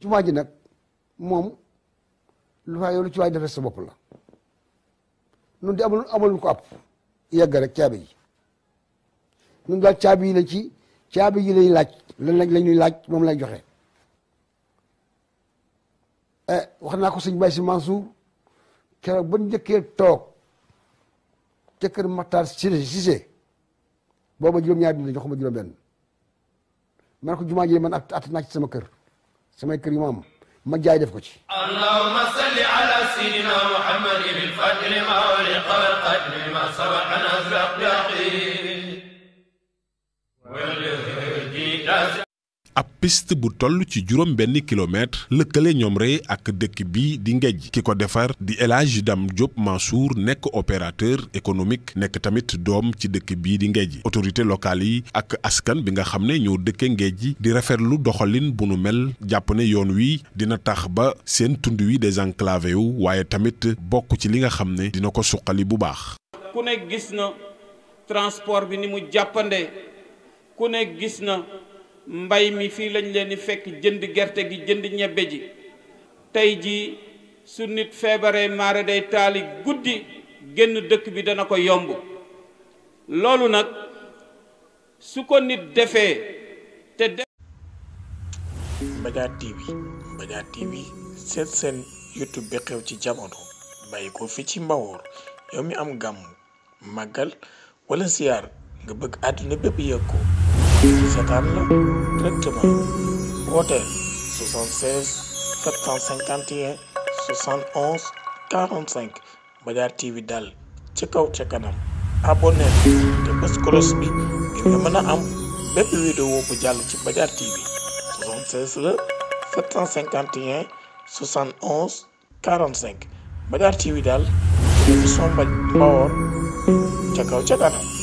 jumaa ji nag moom lu fa yow lu ci waay defee sa bopp la nun di amul amul ko ab yegg rek caabi ji nun daal caabi yi la ci caabi yi lay laaj lan lañ la ñuy laaj moom lay joxe eh, wax naa ko sëñ Baye Si Mansour keroog ba njëkkee toog ca kër Matar Cissé booba juróom-ñaari dund joxuma juróom benn man ko jumaa ji man at at naa ci sama kër سمعي كريمام ما جاي دفكو شي اللهم صل على سيدنا محمد بالفتح ما ولقى القتل ما سبق نزق يقين ab piste bu toll ci juróom benn kilomètre lëkkale ñoom rey ak dëkk bi di ngejj ki ko defar di El Hadji Dame Diop nekk opérateur économique nekk tamit doom ci dëkk bii di ngejj autorité locale yi ak askan bi nga xam ne ñoo dëkke ngejj di rafetlu doxalin bu nu mel jàpp ne yoon wi dina tax ba seen tund wi désenclavé wu waaye tamit bokk ci li nga xam ne dina ko suqali bu baax ku ne gis na transport bi ni mu jàppande ku ne gis na mbay mi fii lañ leen di fekk jënd gerte gi jënd ñebbe ji tey jii su nit feebaree maare day taali guddi génn dëkk bi dana ko yomb loolu nag su ko nit defee te def Mbadiar TV Mbadiar TV seet seen YouTube bi xew ci jamono bàyyi ko fi ci mbawoor yow mi am gàmm màggal wala siyaar nga bëgg àdduna bépp yëg ko seetaan la directement woote 76 751 daal ci kaw ca kanam abonné te bés cloche bi ngir mën a am bépp vidéo bu jàll ci Badiar TV 76 la 751 71 45 Badiar TV daal télévision Mbawor kaw ca kanam